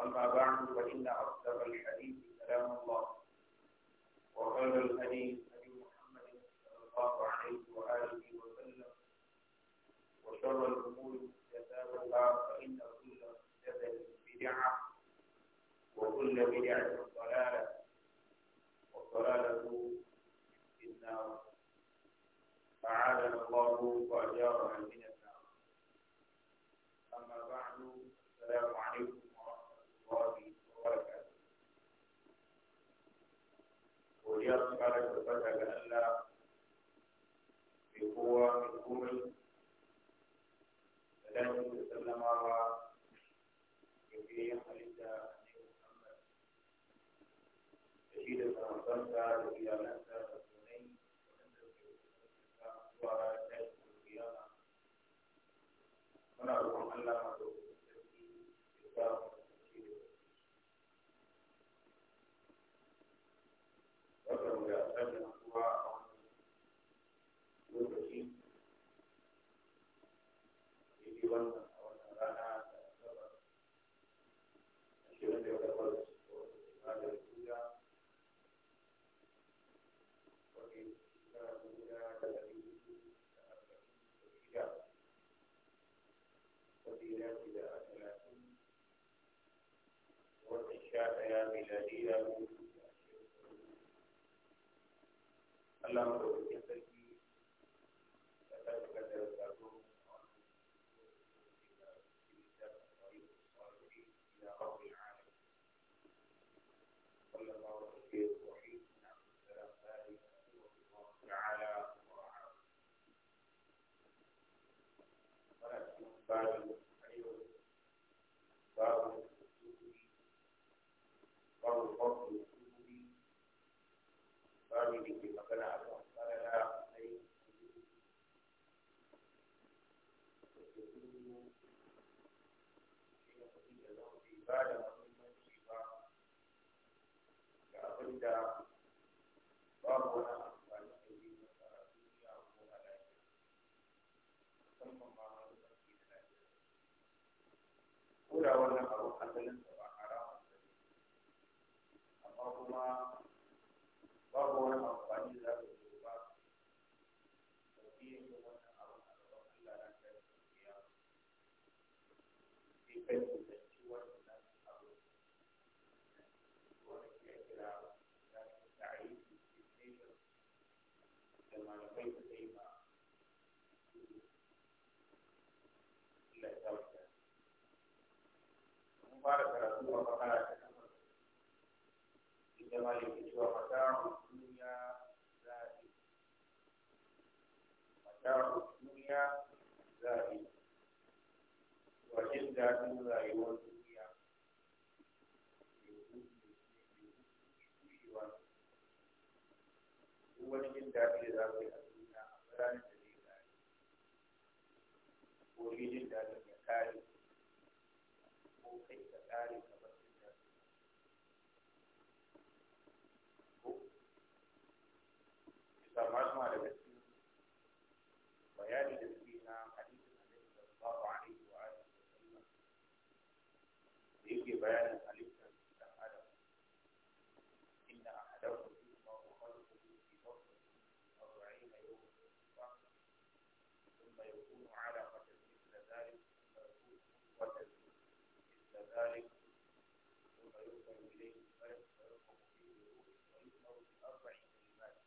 أما بعد فإن أصدق الحديث كلام الله وخير الهدي هدي محمد صلى الله عليه وآله وسلم وشر الأمور محدثاتها فإن كل محدثة بدعة وكل بدعة ضلالة والضلالة في النار أعاذنا الله وأجارنا من godiya su fara tabbata ga Allah mai kowa mai komai da dace da sallamawa ga biyan halitta ne Muhammad da shi da sahabbansa da iyalansa da sunai waɗanda suke zuwa tashin kiyama muna ya Allah ko ya sarki ba da muhimmanci ba ga abin da babu wani amfani da yi masa a duniya ko a lafiya musamman ma muhimmanci da lafiya ko da wannan fara karatu a bakara ta takwas inda ya yake cewa mata'un duniya zaɓi mata'un duniya zaɓi wa jin daɗin rayuwar duniya duk wani jin daɗi da za ka yi a duniya a ranar da zai rayu ko jin بيان الف الف ان في فصل اربعين يوم ثم يكون على مثل ذلك ثم يرسل اليه فيتصرف في الروح ويؤمر باربع كلمات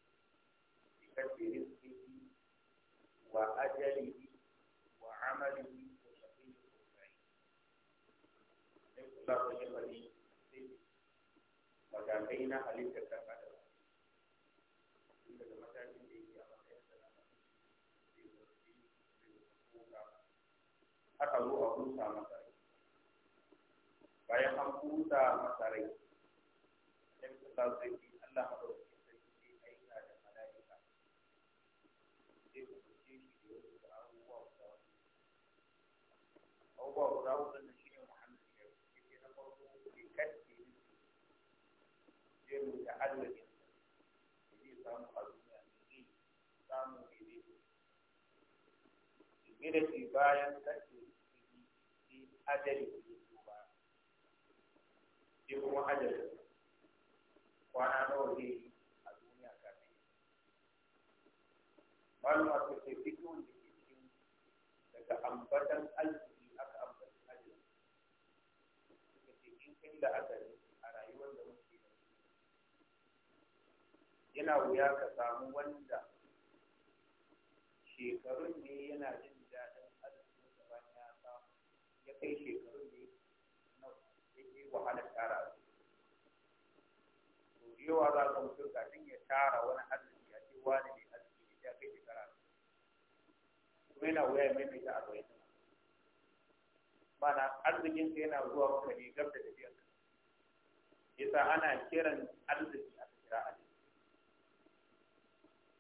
بكتب رزقه واجله sa wani wani matakai na halittar ɗan adam da a matsayin da aka zo a busa masa rai me da shi bayan kashe shi ajali ne ba shi kuma ajali kwana nawa ne a duniya kafin malama ta ce duk wanda ke daga ambatan arziki aka ambaci ajali suka ce in kai da ajali a rayuwar da muke yana wuya ka samu wanda shekarun ne yana jin kai shekarun na yake wahalar tara a to yawa za ka mutum kafin ya tara wani arziki a ce wani ne arziki ya kai shekara kuma yana wuya mai mai ta arba'in mana arzikin ka yana zuwa maka ne gab da tafiyar ka yasa ana kiran arziki a kira arziki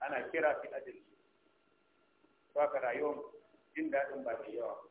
ana kira fi arziki ba ka rayuwar jin daɗin ba mai yawa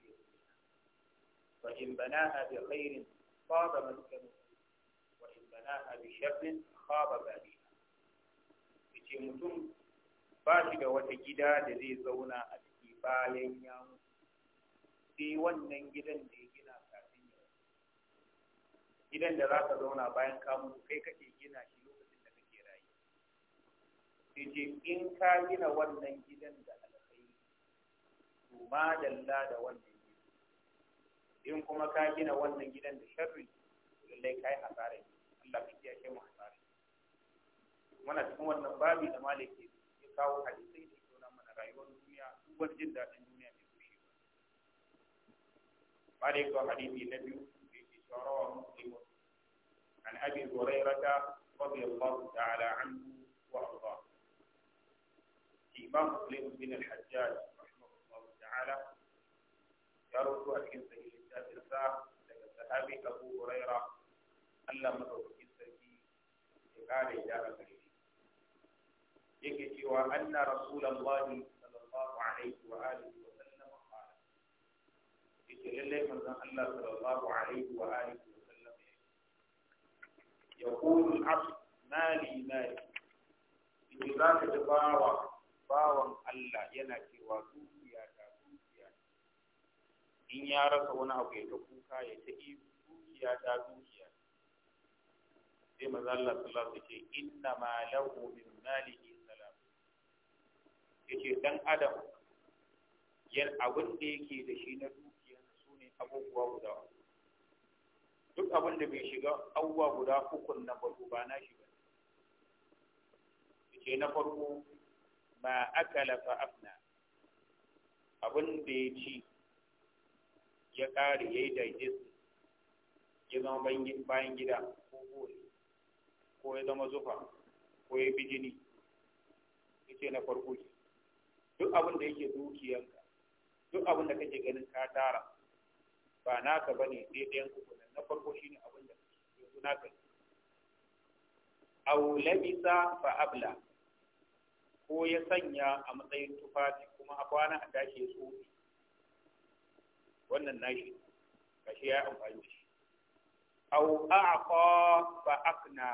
وإن بناها بخير خاب مسكنه وإن بناها بشر خاب بانيها yace mutum ba shi da wata gida da zai zauna a ciki bayan ya sai wannan gidan da ya gina kafin ya gidan da za ka zauna bayan ka mutu kai kake gina shi lokacin da kake rayu sai ce in ka gina wannan gidan da alkhairi to ma dalla da wannan in kuma ka gina wannan gidan da sharri lallai kai hasara Allah ka kiyaye mu hasara muna cikin wannan babi da maliki ya kawo hadisai da suna mana rayuwar duniya duban jin daɗin duniya mai fushi maliki wa hadisi na biyu da yake shawarawa muslimun an abi hurairata radiyallahu ta'ala anhu wa arda imam muslim bin al-hajjaj rahimahullahu ta'ala ya rubuta a cikin sahih sa daga sahabi abu huraira allah madaukakin sarki ya kare ya a gare yake cewa anna rasulallahi sallallahu alaihi wa alihi wa sallam qala yake lalle manzon allah sallallahu alaihi wa alihi wa sallam yaqulu al-abd mali mali za ka bawa bawan allah yana cewa duk in ya rasa wani abu ya ta kuka ya ta yi dukiya ta dukiya sai maza Allah sallallahu alaihi ce inna ma lahu min malihi salam ce dan adam yan abin da yake da shi na dukiya sune abubuwa guda duk abin da bai shiga abubuwa guda uku na farko ba na shi ba ce na farko ma akala fa afna abin da ya ci ya ƙare ya yi digest ya zama bayan gida ko kore ko ya zama zufa ko ya bi jini ya ce na farko ce duk abin da yake dukiyanka duk abin da kake ganin ka tara ba naka bane sai ɗayan uku na farko shi ne abin da yanzu naka ne aw labisa fa abla ko ya sanya a matsayin tufafi kuma a kwana a tashi ya tsofi wannan nashi kashi ya amfani da shi aw a'qa fa aqna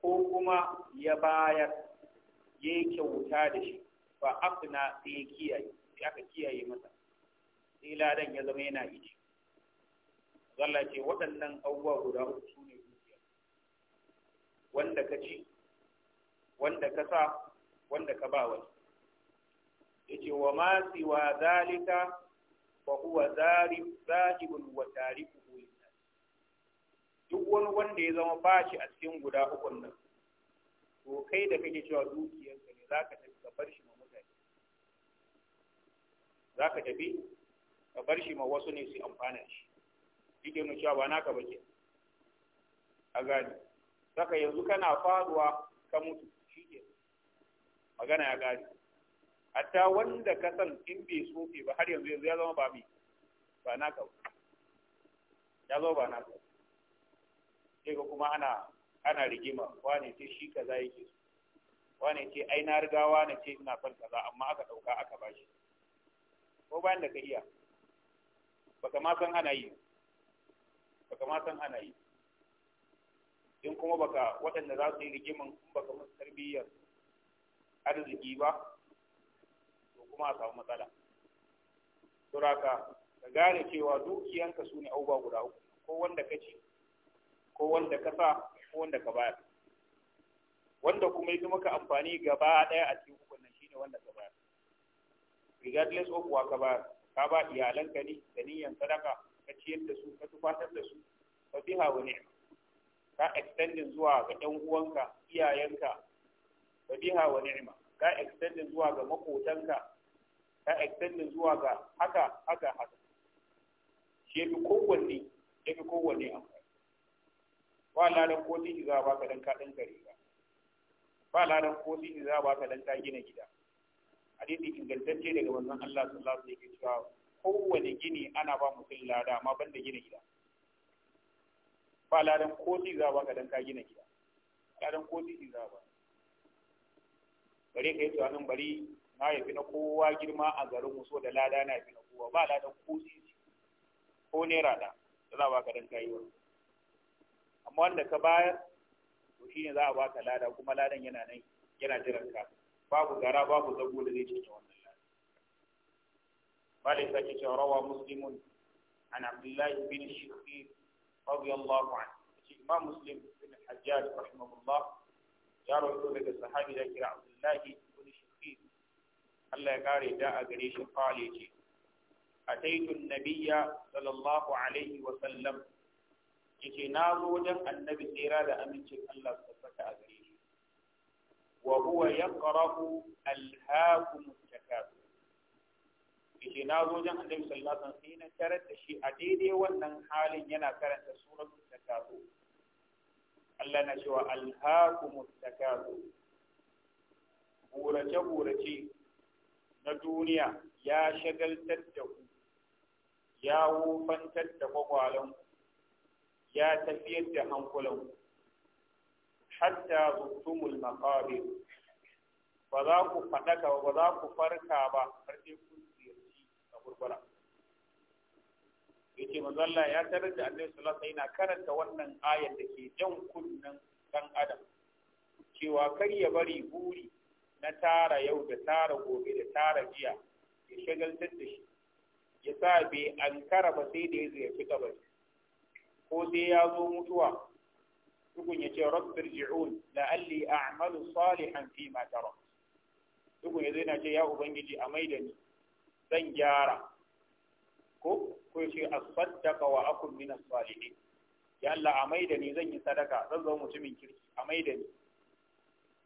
ko kuma ya bayar ya kyauta da shi fa aqna sai ya kiyaye sai aka kiyaye masa sai ladan ya zama yana ici zalla ce waɗannan abubuwa guda uku su ne dukiya wanda ka ci wanda ka sa wanda ka ba wani yace wa ma siwa zalika fa huwa zahibun wa tarikuhu linnas duk wani wanda ya zama bashi a cikin guda ukun nan to kai da kake cewa dukiyarka ne zaka tafi ka bar shi ma mutane zaka tafi ka bar shi ma wasu ne su amfana shi yake nuna cewa ba naka bace a gani saka yanzu kana faduwa ka mutu shike magana ya gari hatta wanda ka san in bai soke ba har yanzu yanzu ya zama ba mai ba na naka ya zama ba na ka sai ga kuma ana ana rigima wane ce shi kaza yake so wane ce ai na riga wane ce ina son kaza amma aka dauka aka bashi ko bayan da ka iya baka ma san ana yi baka ma san ana yi in kuma baka waɗanda za su yi rigiman in baka musu tarbiyyar arziki ba kuma a samu matsala Turaka, ka gane cewa dukiyanka su ne abubuwa guda uku ko wanda ka ce, ko wanda ka sa ko wanda ka bayar wanda kuma yi maka amfani gaba ɗaya a cikin hukunan shi ne wanda ka bayar regardless of wa ka bayar ka ba iyalanka ne da niyan sadaka ka ciyar da su ka tufatar da su ka biha wa ne. ka extending zuwa ga ɗan uwanka iyayenka ka biha wa ne. ka extending zuwa ga makotanka ta extending zuwa ga haka haka haka shi yafi kowanne yafi kowanne amfani ba ladan ko titi za a baka dan ka dan kare ba ba ladan ko titi za a baka dan ka gina gida hadisi ingantacce daga manzon Allah sallallahu alaihi wasallam cewa kowanne gini ana ba mutum lada amma banda gina gida ba ladan ko titi za a baka dan ka gina gida ladan ko titi za a baka bare kai to bari na yafi na kowa girma a garin mu so da lada na yafi na kowa ba lada ko sisi ko naira da da za a baka dan kayi amma wanda ka bayar to shine za a baka lada kuma ladan yana nan yana jiran ka babu gara babu zago da zai cinye wannan lada malai ke ce rawa muslimun an abdullahi bin shikhir radiyallahu anhu imam muslim bin hajjaj rahimahullah ya rawaito daga sahabi da kira abdullahi Allah ya kare da a gare shi kale ce taitun Nabiya sallallahu alaihi wa sallam yace na zo wajen annabi tsira da amincin Allah su saka a gare shi wa huwa yaqrahu alhaakum takabur yace na zo wajen annabi sallallahu alaihi wa sai na tarar da shi a daidai wannan halin yana karanta suratul takabur Allah na cewa alhaakum takabur burace burace na duniya ya shagaltar da ku ya wufantar da ku, ya tafiyar da hankulan hatta zuktumul maqabir ba za ku faɗaka ba za ku farka ba har sai kun ziyarci a gurgura yace mazalla ya tarar da annabi sallallahu alaihi wasallam karanta wannan ayar da ke jan kunnen dan adam cewa kar ya bari buri na tara yau da tara gobe da tara jiya ya shagaltar da shi ya sa bai an kara ba sai da ya ziyarci kabari ko sai ya zo mutuwa tukun ya ce rabbir ji'un la'alli a'malu salihan fi ma tara tukun ya zai na ce ya ubangiji a da ni zan gyara ko ko ya ce asaddaqa wa akun min as-salihin ya Allah a da ni zan yi sadaka zan zo mutumin kirki a da ni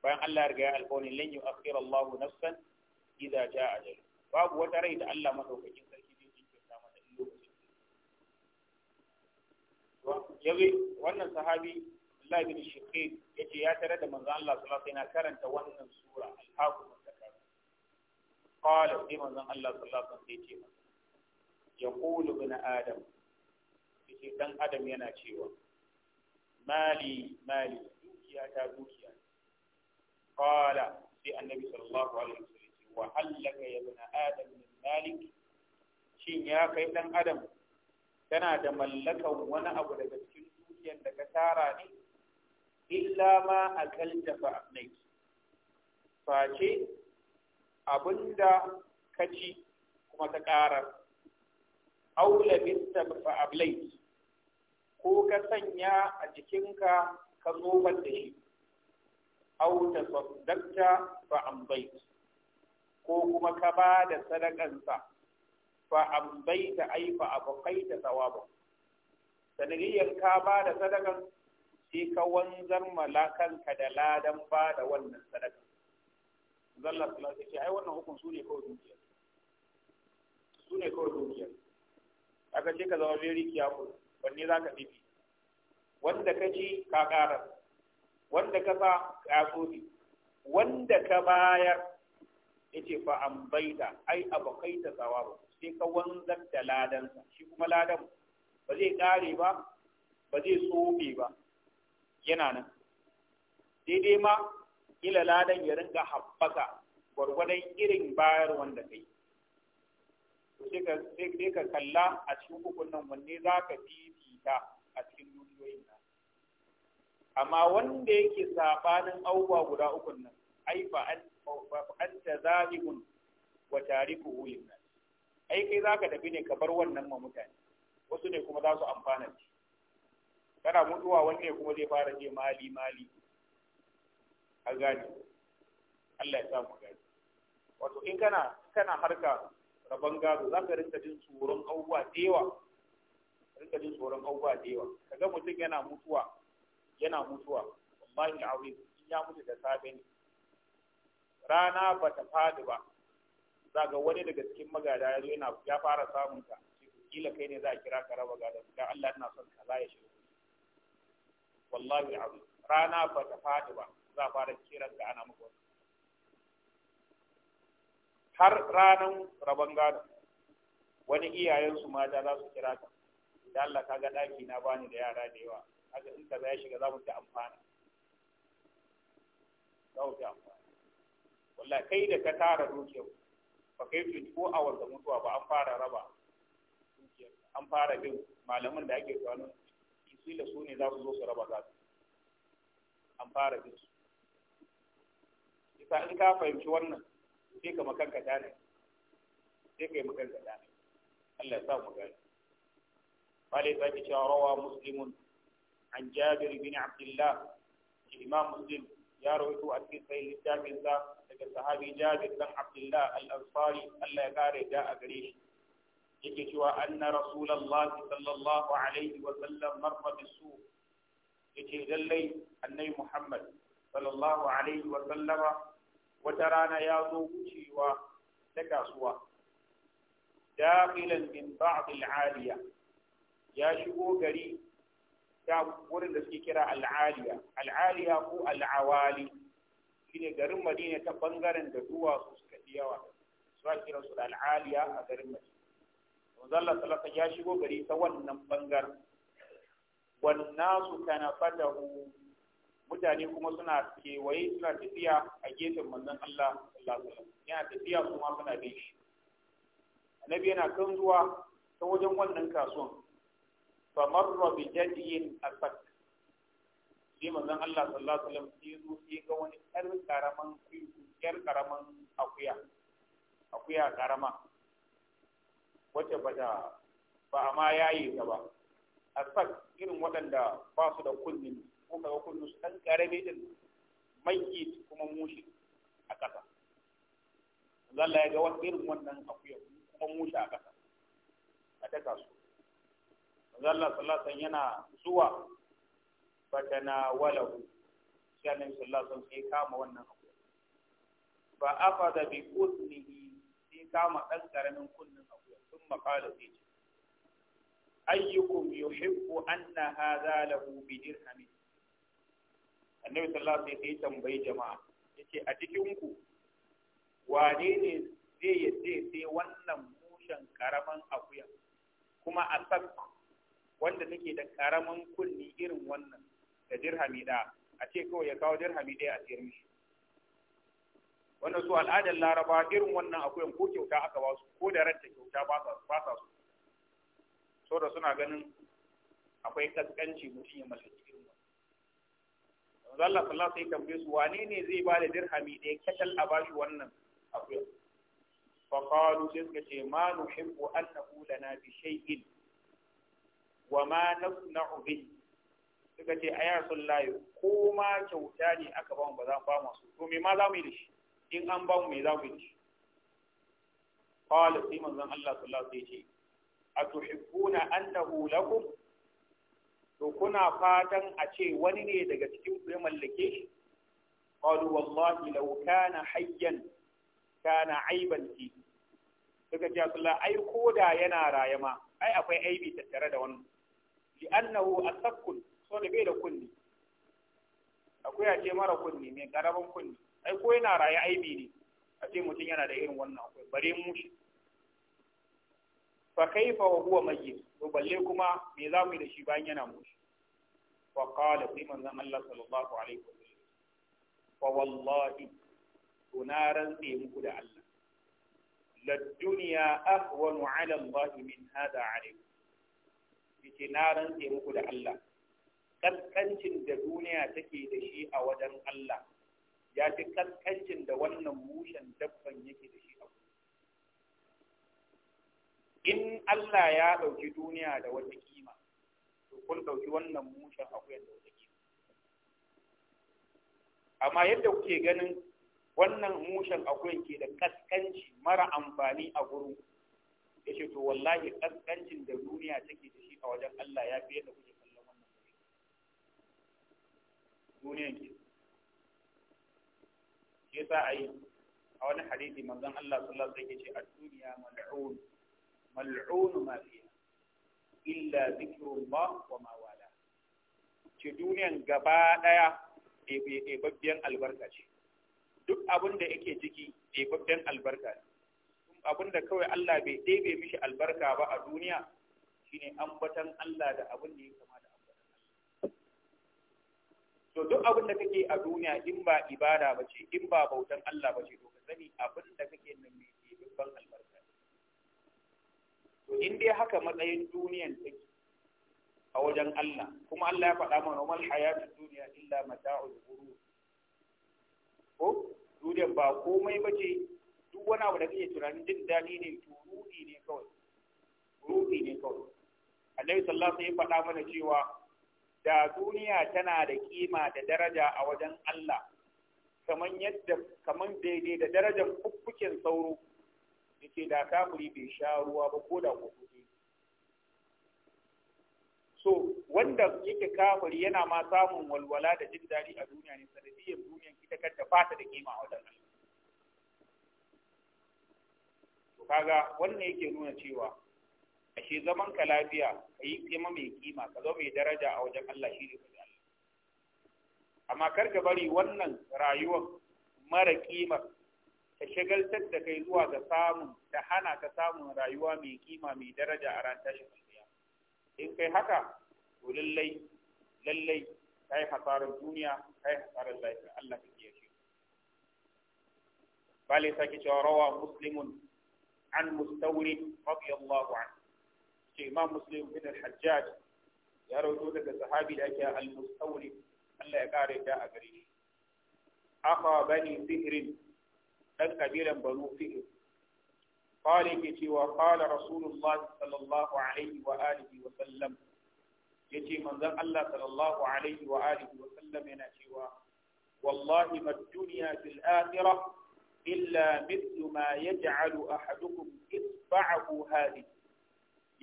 bayan Allah ya riga ya alƙawarin lan yu'akhkhira Allahu nafsan idza jaa ajalu babu wata rai da Allah madaukakin sarki zai jinkirta mata in lokacin yabi wannan sahabi Allah bin Shiqiq yace ya tare da manzo Allah sallallahu alaihi wasallam karanta wannan sura al-hakum zakar qala sai manzo Allah sallallahu alaihi wasallam yace yaqulu ibn adam yace dan adam yana cewa mali mali dukiya ta dukiya qala sai annabi sallallahu alaihi wasallam wa allaka ya ibn adam min malik shin ya kai ɗan adam kana da mallakan wani abu daga cikin dukiyar da ka tara ne illa ma akalta fa abnai face abinda ka ci kuma ka ƙara aula bista fa ablai ko ka sanya a jikinka ka zobar da shi au tasaddaqta fa ambayt ko kuma ka ba da sadakansa fa ambayta ay fa abqaita thawaba sanadiyyar ka ba da sadakan shi ka wanzar ka da ladan ba da wannan sadakan zalla sallallahu alaihi ai wannan hukun su ne kawai dukiya su ne kawai dukiya aka ce ka zama very careful wanne za ka bibi wanda ka ka ƙara wanda ka sa kasofi wanda ka bayar yace fa an baita, ai abakaita sawabu sai ka wanzar da ladansa shi kuma ladan ba zai kare ba ba zai tsofe ba yana nan daidai ma ila ladan ya ringa haɓaka gwargwadon irin bayar wanda kai sai ka kalla a cikin hukun wanne za ka fifita a cikin duniyoyin nan amma wanda yake sabanin abubuwa guda uku nan ai fa an fa anta zalimun wa tarikuhu lin ai kai zaka tafi ne ka bar wannan ma mutane wasu ne kuma za su amfana shi kana mutuwa wanne kuma zai fara je mali mali a gani Allah ya sa mu gani wato in kana kana harka rabon gado za ka rinka jin tsoron abubuwa da yawa rinka jin tsoron abubuwa da yawa kaga mutum yana mutuwa yana mutuwa wallahi azim in ya mutu da safe ne rana ba ta fadi ba zaga wani daga cikin magada ya zo yana ya fara samun ta kila kai ne za a kira ka raba gadon dan Allah ina son ka ya shi wallahi azim rana ba ta fadi ba za a fara kiran ka ana muku har ranan raban Gado wani iyayensu mata za su kira ka da Allah ka ga ɗaki na bani da yara da yawa haka in kaza ya shiga za mu ta amfana za mu ta amfana wallahi kai da ka tara dukiyar ba kai 24 hours da mutuwa ba an fara raba dukiyar an fara bin malaman da ake tsano isila su ne za su zo su raba za su an fara bin su isa in ka fahimci wannan sai ka makanka dane sai ka yi makanka dane Allah ya sa mu gani. Bale ta ce cewa rawa muslimun عن جابر بن عبد الله الإمام مسلم يا رويت أتكين سيد الجابر ذا لك الصحابي جابر بن عبد الله الأنصاري ألا يقاري جاء قريش yake cewa anna rasulallahi sallallahu alaihi wa sallam marra bisu yace lallai annabi muhammad sallallahu alaihi wa sallama wata rana ya zo wucewa da kasuwa dakhilan min ba'd al-aliya ya shigo gari da wurin da suke kira al'aliya al'aliya ko al'awali shine garin madina ta bangaren da duwatsu suka fi yawa su a kiran su da al'aliya a garin madina manzo Allah sallallahu ya shigo gari ta wannan bangaren wan nasu kana fata mutane kuma suna kewaye suna tafiya a gefen manzon Allah sallallahu alaihi wasallam yana tafiya kuma suna bin shi annabi yana kan zuwa ta wajen wannan kasuwan famarra bi jadiyin asad sai manzon Allah sallallahu alaihi wasallam sai zo sai ga wani yar karaman yar karaman akuya akuya karama wacce bata ba ma yayi ta ba asad irin waɗanda ba su da kunnin ko kaga kunnin su ɗan karame din mayyit kuma mushi a ƙasa Allah ya ga wani irin wannan akuya kuma mushi a ƙasa a daka su Allah sallallahu alaihi yana zuwa fatana walahu sai annabi sallallahu alaihi wasallam sai kama wannan abu fa afada bi udnihi sai kama dan karamin kunnin abu sun maqala sai ce ayyukum yuhibbu anna hadha lahu bi dirhamin annabi sallallahu alaihi wasallam sai tambayi jama'a yace a cikin ku wane ne zai yadda sai wannan mushen karaman akuya kuma a sakka wanda nake da karaman kunni irin wannan da dirhami ɗaya a ce kawai ya kawo dirhami ɗaya a siyar mishi Wannan su al'adar laraba irin wannan akwai ko kyauta aka ba su ko da ranta kyauta ba sa su so da suna ganin akwai kaskanci mutum ya mallaki irin wannan Allah sallallahu alaihi wasallam sai su wane ne zai ba da dirhami ɗaya katal a bashi wannan akwai fa qalu sai suka ce ma nuhibbu annahu lana bi shay'in wa ma nasna'u bihi suka ce ayar sun layo ko ma kyauta ne aka ba mu ba za mu ba masu to me ma za mu yi da in an ba mu me za mu yi da shi qala sai manzon Allah sallallahu alaihi wasallam ce atuhibbuna annahu lakum to kuna fatan a ce wani ne daga cikin ku ya mallake shi qalu wallahi law kana hayyan kana aiban fi suka ce Allah ai koda yana rayama ai akwai aibi tattare da wannan li annahu asakkun so da bai da kunni akwai ce mara kunni mai karamin kunni ai ko yana raye aibi ne a ce mutum yana da irin wannan akwai bare shi. fa kaifa wa huwa mayyit to balle kuma me za mu yi da shi bayan yana mushi fa qala sai manzon Allah sallallahu alaihi wasallam fa wallahi tunaran sai muku da Allah la dunya ahwanu ala Allah min hada alaikum yace na rantse muku da Allah kaskancin da duniya take da shi a wajen Allah ya fi kaskancin da wannan mushen dabban yake da shi a in Allah ya ɗauki duniya da wata kima to kun ɗauki wannan mushen akuyan da wata kima amma yadda kuke ganin wannan mushen akuyan ke da kaskanci mara amfani a gurin yake to wallahi kaskancin da duniya take da shi a wajen Allah ya fi yadda kuke kallon wannan gari duniyan ke sa a yi a wani hadisi manzon Allah sallallahu alaihi wasallam yake ce ad-dunya mal'un mal'un ma fiha illa zikrullah wa ma wala ce duniyan gaba daya ɗebabbiyan albarka ce duk abin da yake ciki ɗebabbiyan albarka ne abinda kawai Allah bai ɗebe mishi albarka ba a duniya shine ambatan Allah da abin da ya kama da ambatan Allah to duk abin da kake a duniya in ba ibada ba ce in ba bautan Allah ba ce to ka sani abin da kake nan mai ɗebibban albarka to in dai haka matsayin duniyan take a wajen Allah kuma Allah ya faɗa mana normal hayatud duniya illa mata'ul ghurur ko duniyan ba komai bace duk wani abu da kake tunanin jin daɗi ne to ruhi ne kawai ruhi ne kawai annabi sallallahu alaihi wasallam ya faɗa mana cewa da duniya tana da kima da daraja a wajen Allah kaman yadda kaman daidai da darajar kukkukin sauro yake da kafiri bai sha ruwa ba ko da kukkuki so wanda yake kafiri yana ma samun walwala da jin daɗi a duniya ne sanadiyar duniyan ita kanta fata da kima a wajen Allah kaga wannan yake nuna cewa ashe zaman ka lafiya ka yi kima mai kima ka zo mai daraja a wajen Allah shi ne wajen Allah amma kar ka bari wannan rayuwar mara kima ta shagaltar da kai zuwa ga samun ta hana ka samun rayuwa mai kima mai daraja a ran tashin duniya in kai haka to lallai lallai kai hasarar duniya kai hasarar lafiya Allah kake yi bale sake cewa rawa muslimun an mustawrid radiyallahu anhu ce imam muslim bin al-hajjaj ya rawaito daga sahabi da ake al-mustawrid Allah ya kare da a gare shi akha bani fihrin dan kabilan banu fihr qala ke cewa qala rasulullah sallallahu alaihi wa alihi wa sallam yace manzon Allah sallallahu alaihi wa alihi wa sallam yana cewa wallahi mad fil illa mithlu ma yaj'alu ahadukum isba'ahu hadi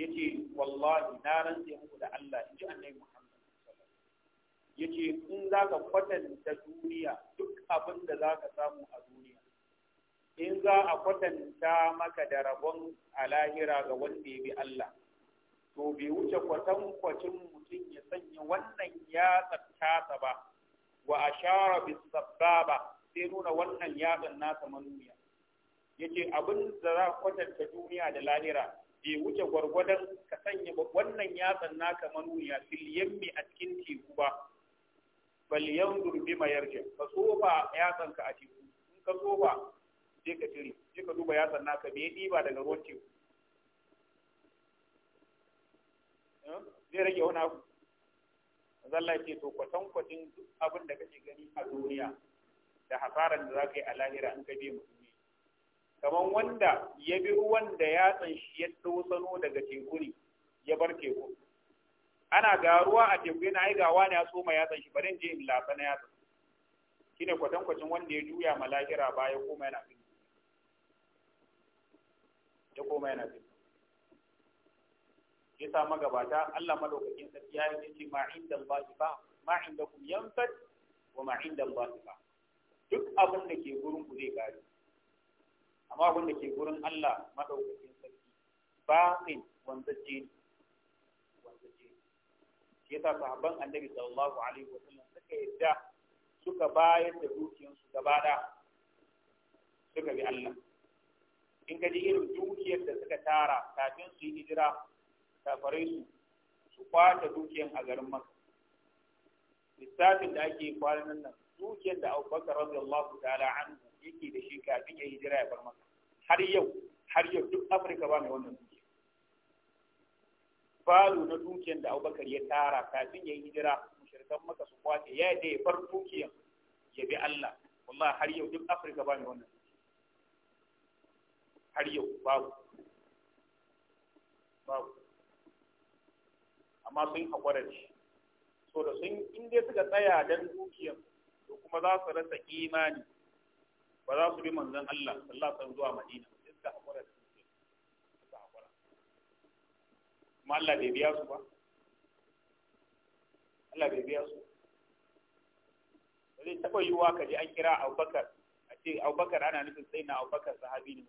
yace wallahi na rantse muku da Allah in ji annabi Muhammad yace in zaka kwatanta duniya duk abin da zaka samu a duniya in za a kwatanta maka da rabon alahira ga wanda ya Allah to bai wuce kwatankwacin mutum ya sanya wannan ya tsattasa ba wa ashara bis sababa sai nuna wannan yatsan nasa manuniya yace abin da za kwatanta duniya da lahira bai wuce gwargwadon ka sanya wannan yatsan naka manuniya fil yammi a cikin teku ba bal yanzur bima yarja ka sofa yatsan ka a teku in ka sofa je ka tire je ka duba yatsan naka me diba daga ruwan teku eh? zai rage wani abu zalla ce to kwatankwacin duk abin da kake gani a duniya da hasaran da za ka yi a lahira in ka bi musulmi kamar wanda ya bi ruwan da yatsan shi ya sano daga teku ne ya bar teku ana ga ruwa a teku yana ai ga wani ya soma yatsan shi bari je in latsa na yatsan shine kwatankwacin wanda ya juya ma lahira baya koma yana bin ya koma yana bin ya sa magabata Allah madaukakin sarki ya yi ce ma inda ba ma inda kum yanfad wa ma inda Allah ba duk abin da ke gurin ku zai kare amma abin da ke gurin Allah madaukakin sarki batin wanda ne wanda ne shi yasa sahabban annabi sallallahu alaihi wa sallam suka yadda suka bayar da su gaba da suka bi Allah in ka ji irin dukiyar da suka tara kafin su yi hijira fare su su kwata dukiyar a garin maka lissafin da ake kwanan nan dukiyar da abubakar radiyallahu ta'ala an yake da shi kafin ya hijira ya bar maka har yau har yau duk afirka ba mai wannan dukiya falo na dukiyar da abubakar ya tara kafin ya hijira mushirkan maka su kwace ya yadda ya bar dukiyar ya bi allah wallahi har yau duk afirka ba mai wannan har yau babu babu amma sun haƙura da shi so da sun inda suka tsaya don dukiyar to kuma za su rasa imani ba za su bi manzon Allah sallallahu alaihi wasallam zuwa Madina ba suka hakura suka hakura kuma Allah bai biya su ba Allah bai biya su ba zai taɓa yiwuwa ka je an kira Abubakar a ce Abubakar ana nufin sai na Abubakar sahabi ne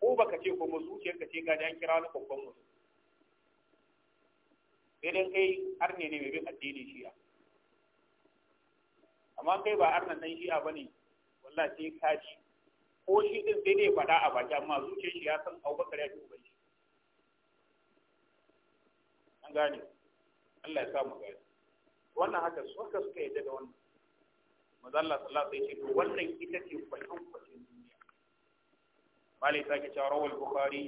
ko baka ce ko mu ka ce ka an kira wani babban mutum sai dai kai har ne ne mai bin addinin shi'a amma kai ba arnan dan shi'a bane wallahi sai ka ji ko shi din sai dai faɗa a baki amma zuciyar shi ya san Abubakar ya ji uban shi an gane Allah ya sa mu wannan haka su haka suka yadda da wannan Allah sallallahu alaihi wasallam wannan ita ce kwatan kwatan duniya malai sake cewa rawal bukhari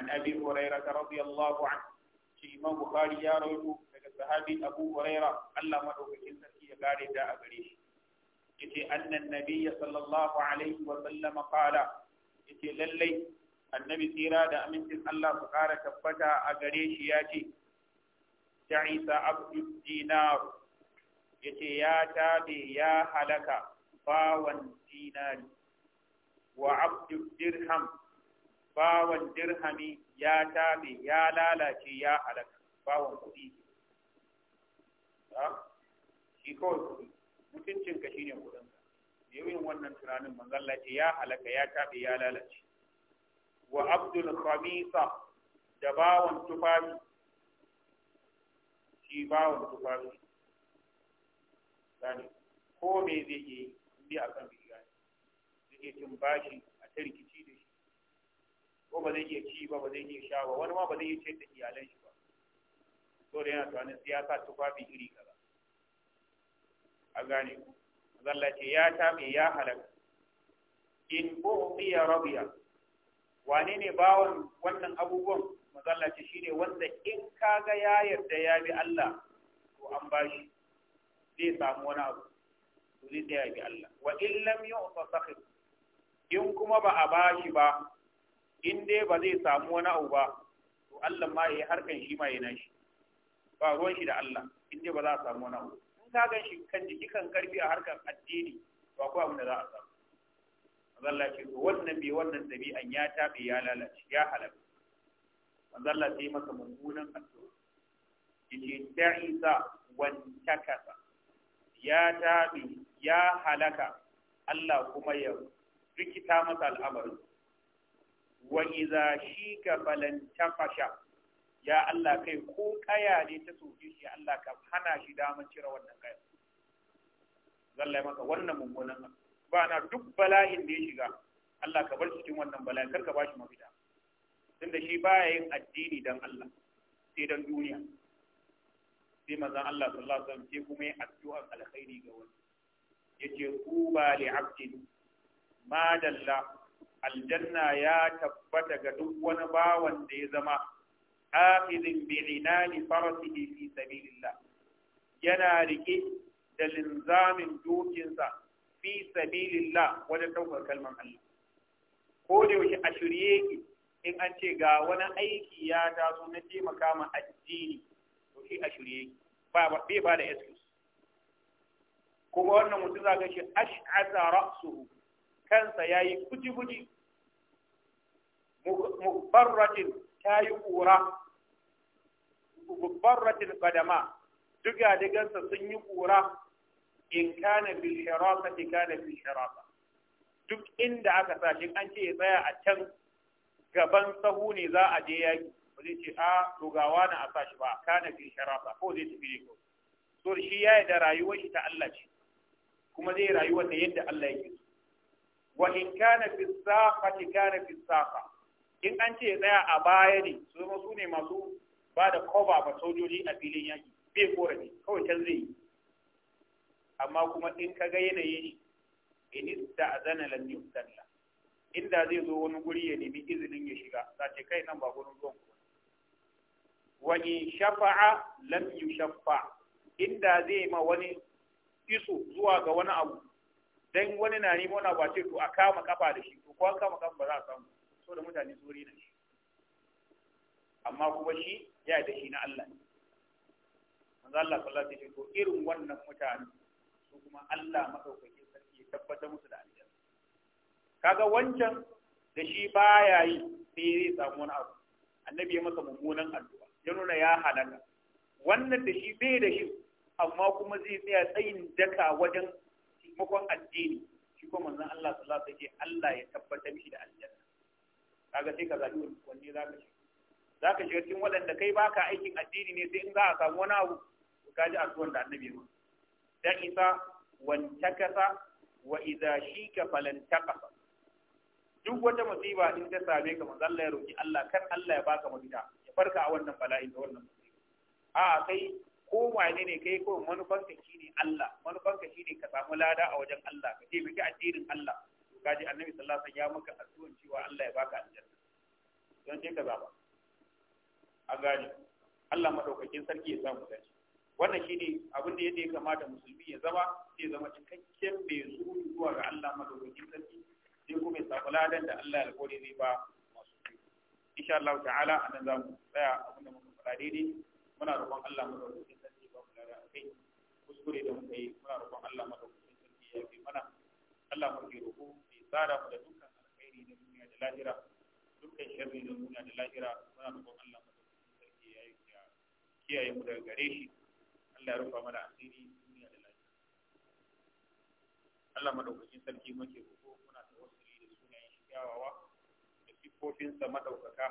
an abi ta radiyallahu anhu shi imam bukhari ya rawaito daga sahabi abu hurairah Allah madaukakin sa kare a gare shi yace annan nabiyya sallallahu alaihi wa sallam qala yace lallai annabi tsira da amincin Allah su kara tabbata a gare shi ya ce ta isa abdu dinar yace ya tabe ya halaka bawan dinari wa abdu dirham bawan dirhami ya tabe ya lalace ya halaka bawan kuɗi shi kawai kuɗi mutuncin ka shine kuɗin ka yayin wannan tunanin manzon Allah ce ya halaka ya tabe ya lalace wa abdul khamisa da bawon tufafi shi bawon tufafi gani ko me zai yi bi a kan biya zai cin bashi a ta rikici da shi ko ba zai iya ci ba ba zai iya sha ba wani ma ba zai iya ce da iyalan shi ba Dole da yana tunanin siyasa tufafi iri kaza a gane ku zalla ce ya taɓe ya halaka in ya rabiya wane ne bawan wannan abubuwan mazalla ce shine wanda in kaga ya yarda ya bi Allah to an bashi zai samu wani abu to zai tsaya bi Allah wa in lam yu'ta sakhir in kuma ba a bashi ba in dai ba zai samu wani abu ba to Allah ma yayi harkan shi ma yana shi ba ruwan shi da Allah in dai ba za a samu wani abu ka ga shi kan jiki kan karfi a harkar addini ba ko abin da za a samu Allah ce to wannan bai wannan an ya tabe ya lalace ya halaka Allah sai masa mungunan addu'a yace ta'isa wan takasa ya tabe ya halaka Allah kuma ya rikita masa al'amarin wa iza shika falan tafasha ya Allah kai ko kaya ne ta soke shi Allah ka hana shi damar cire wannan kaya zallai maka wannan mummunan ba na duk bala'in da ya shiga Allah ka bar cikin wannan bala'in kar ka bashi mafita tunda shi baya yin addini dan Allah sai dan duniya sai manzon Allah sallallahu alaihi wasallam sai kuma ya addu'a alkhairi ga wani yace ba li abdin ma dalla aljanna ya tabbata ga duk wani bawan da ya zama akhidhin bi'inani farasihi fi sabilillah yana rike da linzamin dokinsa fi sabilillah wajen ɗaukar kalmar Allah ko da yaushe a shirye ki in an ce ga wani aiki ya taso na taimaka ma addini to shi ba be ba da excuse kuma wannan mutum za ka shi ash'asa ra'suhu kansa yayi kuji-kuji mubarratin ta yi ƙura barratil qadama duk ya digansa sun yi kura in kana bil hirasati kana bil hirasa duk inda aka sa shi an ce ya tsaya a can gaban sahu ne za a je yaki ba zai ce a rugawa na a sa shi ba kana bil hirasa ko zai tafi ne ko so shi ya yi da rayuwar shi ta Allah ce kuma zai rayuwar da yadda Allah yake so wa in kana bis saqati kana bis saqa in an ce ya tsaya a baya ne su zama su ne masu ba da koba ba sojoji a filin yaki bai ne kawai can zai yi amma kuma in ka ga yanayin shi in ista'zana lam yustalla inda zai zo wani guri ya nemi izinin ya shiga za ce kai nan ba gurin zuwan ku wa in shafa'a lam yushaffa inda zai ma wani iso zuwa ga wani abu dan wani na nemo wani ba ce to a kama kafa da shi to ko an kama kafa ba za a samu so da mutane su wuri na shi amma kuma shi ya da shi na Allah ne manzo Allah sallallahu alaihi wasallam to irin wannan mutane su kuma Allah madaukakin sarki ya tabbatar musu da aljanna kaga wancan da shi baya yi sai zai samu wani abu annabi ya masa mummunan addu'a ya nuna ya halaka wannan da shi bai da shi amma kuma zai tsaya tsayin daka wajen taimakon addini shi kuma manzon Allah sallallahu alaihi wasallam Allah ya tabbatar mishi da aljanna kaga sai ka zabi wanne zaka shi za ka shiga cikin waɗanda kai ba ka aikin addini ne sai in za a samu wani abu ka ji addu'an da annabi ma Da isa wan wantakasa wa idza shika falantakasa duk wata musiba in ta same ka manzo Allah ya roki Allah kan Allah ya baka mafita ya farka a wannan bala'i da wannan musiba a kai ko wane ne kai ko manufanka shine Allah manufanka shine ka samu lada a wajen Allah ka taimaki addinin Allah kaji annabi sallallahu alaihi wasallam ya maka addu'an cewa Allah ya baka aljanna don sai ka zaba a gane Allah madaukakin sarki ya samu dace wannan shine abin da yadda ya kamata musulmi ya zama sai zama cikakken mai zuru zuwa ga Allah madaukakin sarki sai kuma ya samu ladan da Allah alƙawari zai ba masu su insha Allah ta'ala anan za mu tsaya abin da muka fara daidai muna roƙon Allah madaukakin sarki ba mu lada kai kuskure da muka yi muna roƙon Allah madaukakin sarki ya yi mana Allah mu ke roƙo ya tsara mu da dukkan alkhairi na duniya da lahira dukkan sharri na duniya da lahira muna roƙon Allah kiyaye mu daga gare shi Allah ya rufa mana asiri duniya da lafiya Allah madaukakin sarki muke roƙo muna da wasu da sunayen shi kyawawa da sa madaukaka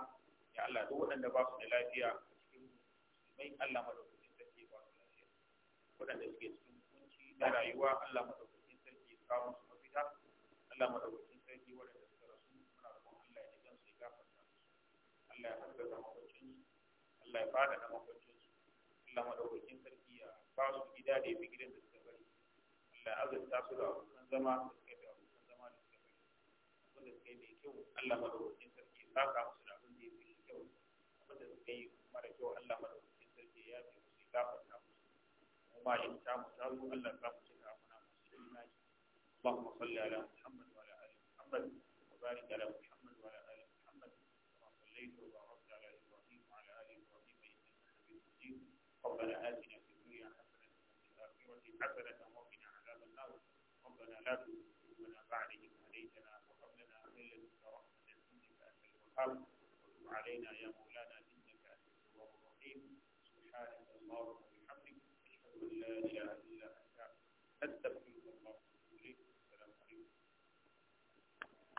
ya Allah duk waɗanda ba su da lafiya cikin musulmai Allah madaukakin sarki ba su lafiya waɗanda suke cikin kunci na rayuwa Allah madaukakin sarki ya kawo musu mafita Allah madaukakin sarki waɗanda suka rasu muna roƙon Allah ya ji gansu ya gafarta Allah ya haddasa makwacin Allah ya fada da makwacin Allah madaukakin sarki ya ba gida da yafi gidan da suka bari Allah ya azurta su da abokan zama da suka abokan zama da suka bari abin da suka yi mai kyau Allah sarki ya saka musu da abin da ya fi kyau abin da suka yi mara kyau Allah madaukakin sarki ya fi musu ya gafarta musu kuma in ta mu ta zo Allah mu cika amana musu imani ربنا آتنا في الدنيا حسنة وفي الآخرة حسنة وقنا عذاب النار ربنا لا تزغ قلوبنا بعد إذ هديتنا وهب لنا من لدنك رحمة إنك أنت الوهاب وتب علينا يا مولانا إنك أنت التواب الرحيم سبحانك اللهم وبحمدك أشهد أن لا إله إلا أنت